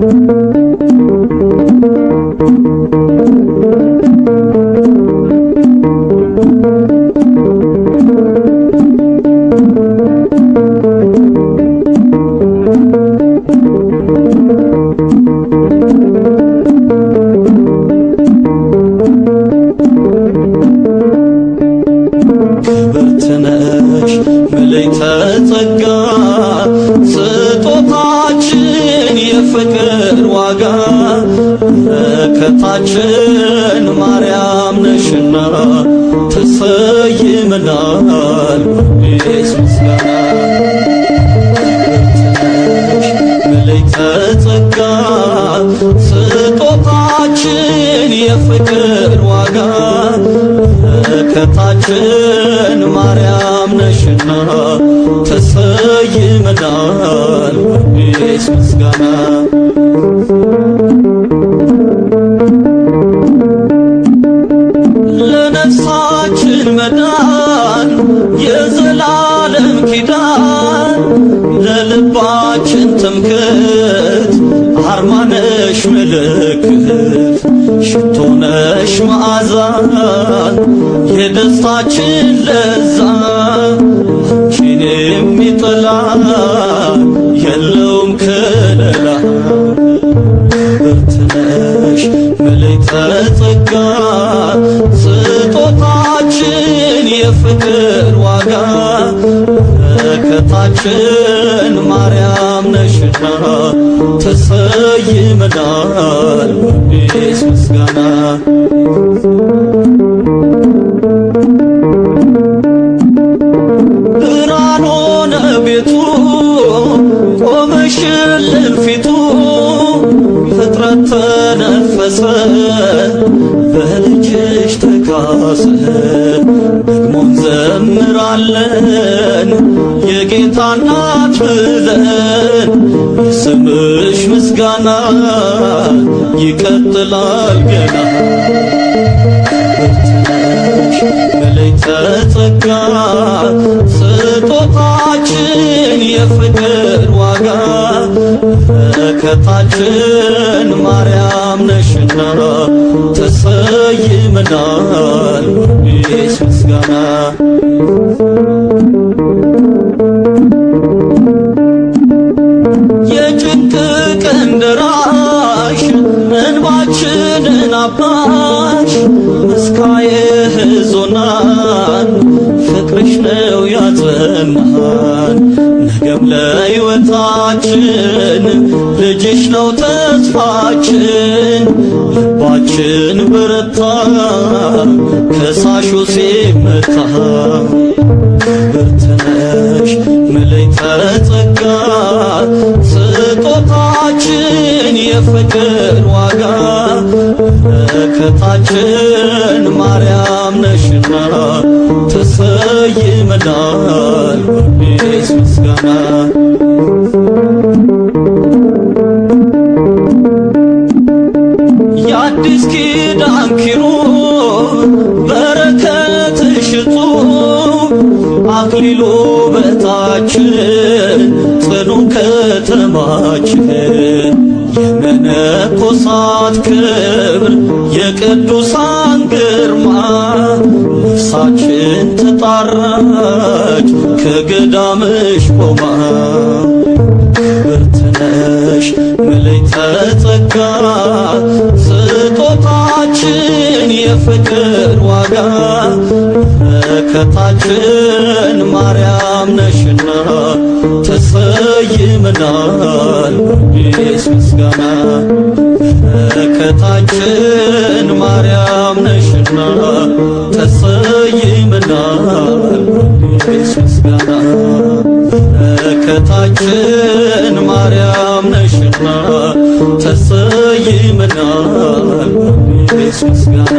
Thank you. ቤታችን ማርያም ነሽና ትሰይምናል ምስጋና መልዕልተ ስጦታችን የፍቅር ዋጋ በረከታችን ማርያም ነሽና ትሰይምናል ስ ምስጋና መዳን የዘላለም ኪዳን ለልባችን ትምክት አርማነሽ ምልክት ሽቶነሽ መዓዛን የደስታችን ለዛ ችን የሚጠላ እመቤታችን ማርያም ነሽና ተሰይመናል የስምሽ ምስጋና ይቀጥላል ገና መለይተ ጸጋ ስጦታችን የፍቅር ዋጋ በረከታችን ማርያም ነሽና ተሰይምናል ስ ምስጋና አምላሽ እንባችንን አባሽ እስካየ ህዞናን ፍቅርሽ ነው ያጽናን ነገም ለሕይወታችን ልጅሽ ነው ተስፋችን ልባችን በረታ ከሳሹ ሲመታ ብርትነሽ መለይተ ጸጋ የፍቅር ዋጋ በረከታችን ማርያም ነሽና ትሰይመናል በቤት ምስጋና የአዲስ ኪዳን ኪሩብ በረከትሽ እጹብ አክሊሉ የሰማዕታት ክብር የቅዱሳን ግርማ ነፍሳችን ተጣራች ከገዳምሽ ቆማ ብርትነሽ ምልዕተ ጸጋ ስጦታችን የፍቅር ዋጋ በረከታችን ማርያም ነሽና ተሰይምናል በአዲስ ምስጋና በረከታችን ማርያም ነሽና ተሰይምና ወንድሜስ ምስጋና በረከታችን ማርያም ነሽና ተሰይምና ወንድሜስ ምስጋና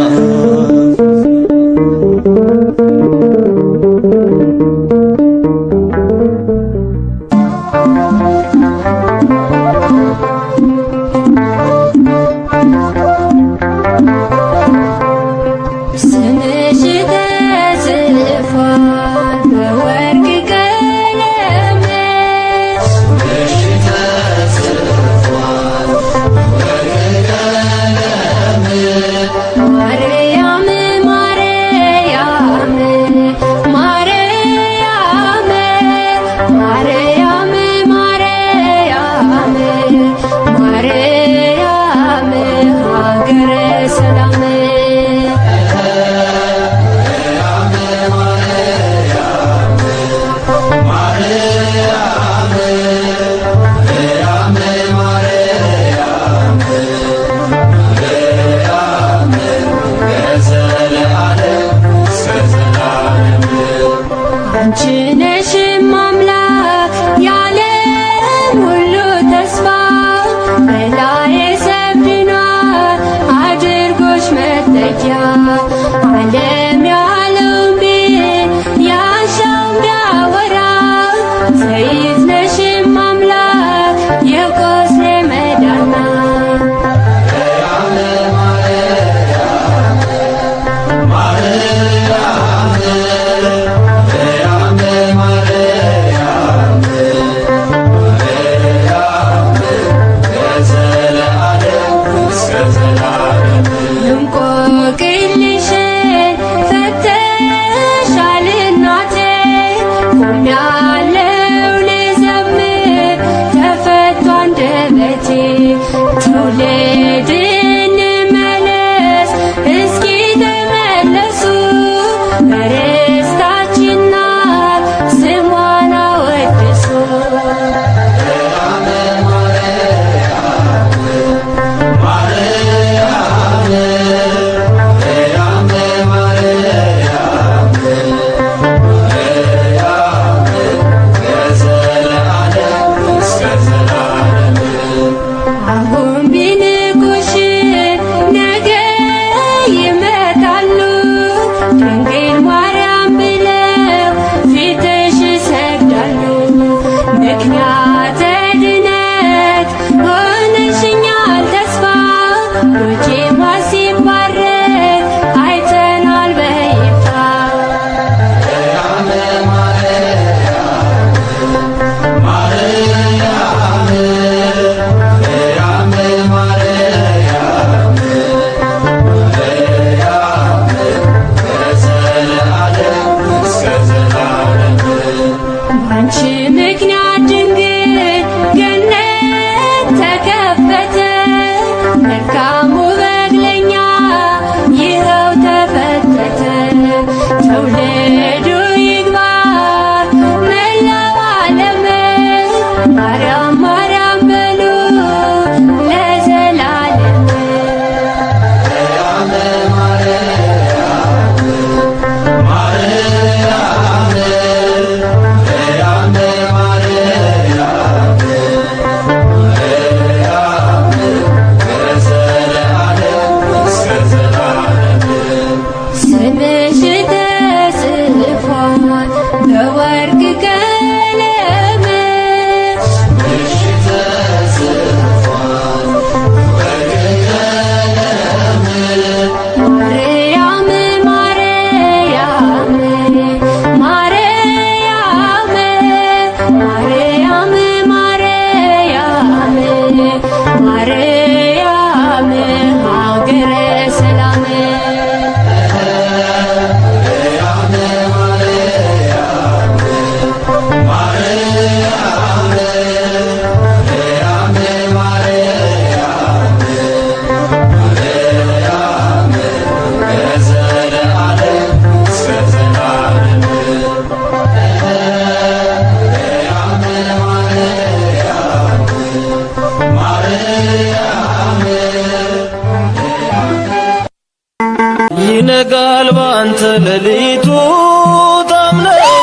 ታምነው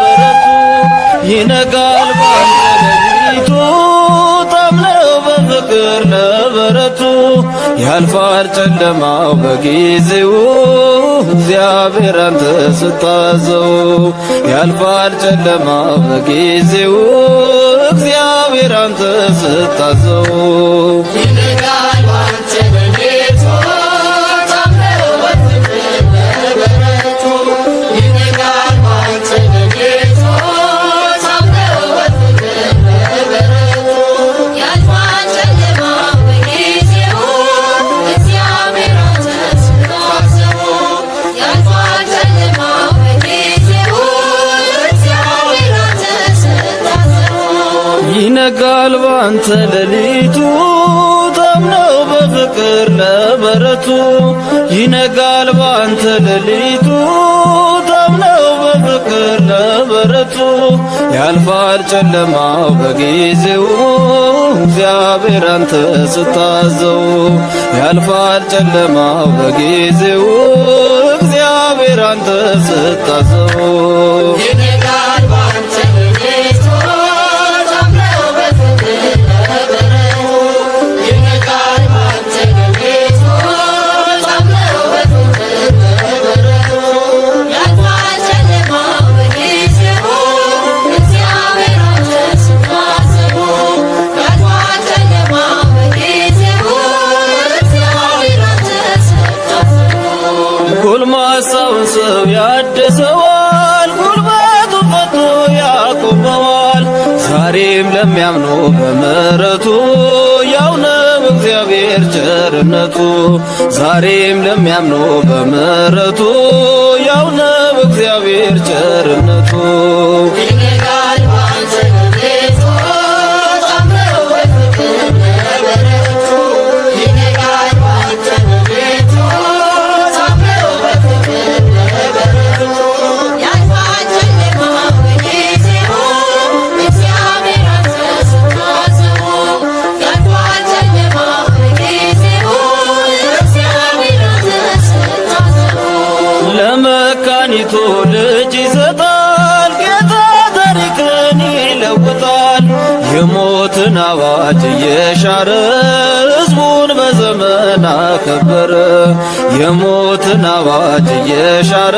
በረቱ ይነጋል ባንቱ ታምነው በፍቅር ለበረቱ ያልፋል ጨለማው በጊዜው እግዚአብሔር አንተ ስታዘው ያልፋል ጨለማው በጊዜው እግዚአብሔር አንተ ስታዘው በሌሊቱ ታምነው በፍቅር ለበረቱ ያልፋል ጨለማው በጊዜው እግዚአብሔር አንተ ስታዘው ያልፋል ጨለማው በጊዜው እግዚአብሔር አንተ ስታዘው ያደሰዋል፣ ጉልበቱ ፈቶ ያቆመዋል። ዛሬም ለሚያምኑ በምሕረቱ ያው ነው እግዚአብሔር ቸርነቱ። ዛሬም ለሚያምኑ በምሕረቱ ያው ነው እግዚአብሔር ቸርነቱ። ተሻረ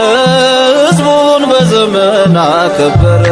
ህዝቡን በዘመን አከበረ።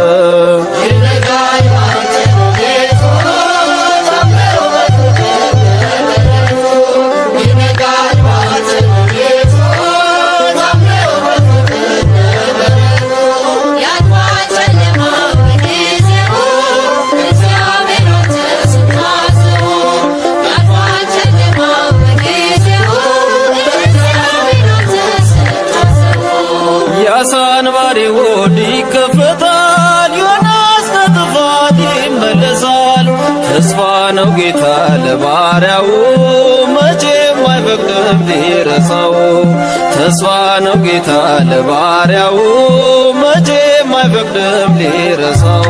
ለባሪያው መቼም አይፈቅድም ሊረሳው። ተስፋ ነው ጌታ ለባሪያው መቼም አይፈቅድም ሊረሳው።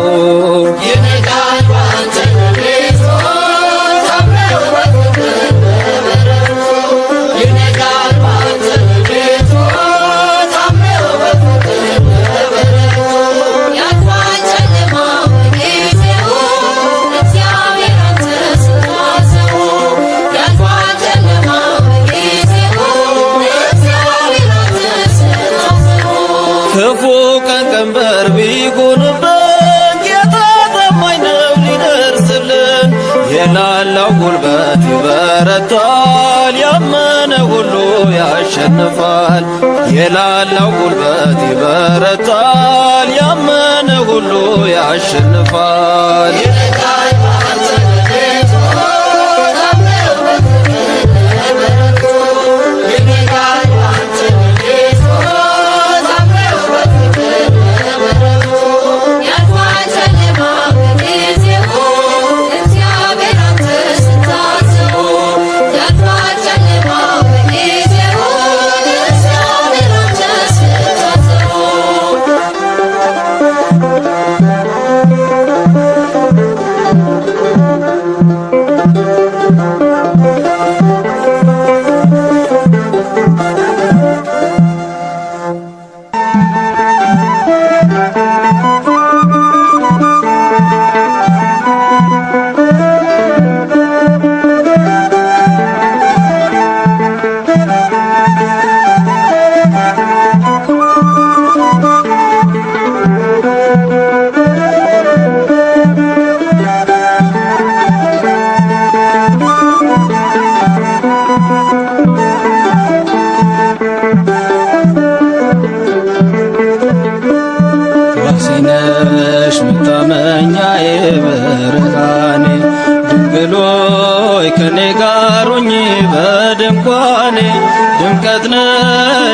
የላለው ጉልበት ይበረታል፣ ያመነ ሁሉ ያሸንፋል።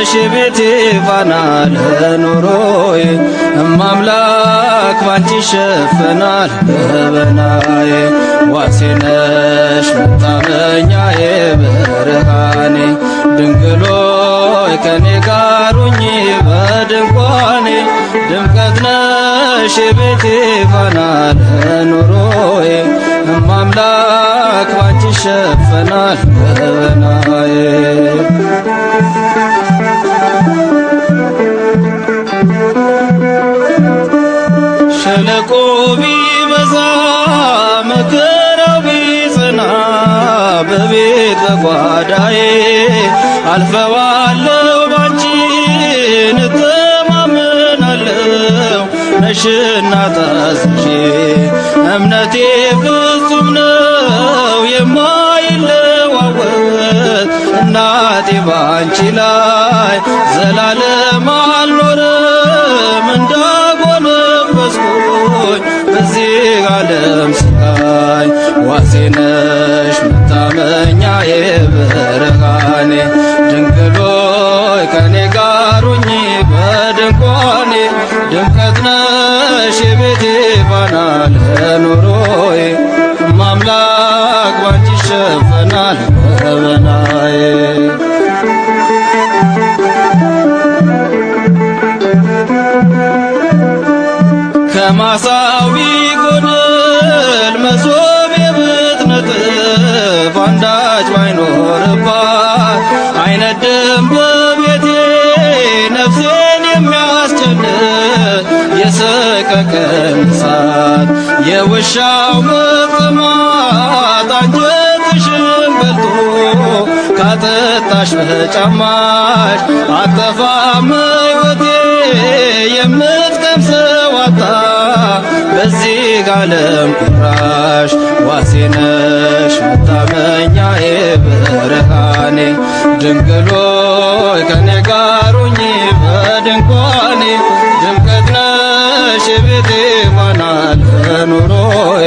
ነሽ ቤቴ ፋና ለኑሮዬ እማምላክ ባንቺ ይሸፈናል ገበናዬ ዋሴ ነሽ መታመኛዬ ብርሃኔ ድንግሎይ ከኔ ጋሩኝ በድንኳኔ ድምቀት ነሽ ቤቴ ፋና ለኑሮዬ እማምላክ ባንቺ ይሸፈናል አልፈዋለው ባንቺ እተማመናለው ነሽና ታዝዤ እምነቴ ፍጹም ነው የማይለዋወጥ እናቴ ባንቺ ላይ ዘላለም አልኖርም እንዳጎነበስኩኝ በዚህ ዓለም ስቃይ ዋሴነ ኪዳን በበናዬ ከማሳዊ ጎደል መሶብ የምትነጥፍ አንዳች ባይኖርባት አይነድም በቤቴ ነፍሴን የሚያስጨንቅ የሰቀቀን እሳት የውሻው መቅማት ጨማሽ አጠፋም ሕይወቴ የምትቀምሰው አጣ በዚህ ዓለም ቁራሽ ዋሴነሽ መታመኛዬ ብርሃኔ ድንግል ሆይ ከኔ ጋሩኝ በድንኳኔ ድምቀት ነሽ የቤቴ ማናል ኑሮዬ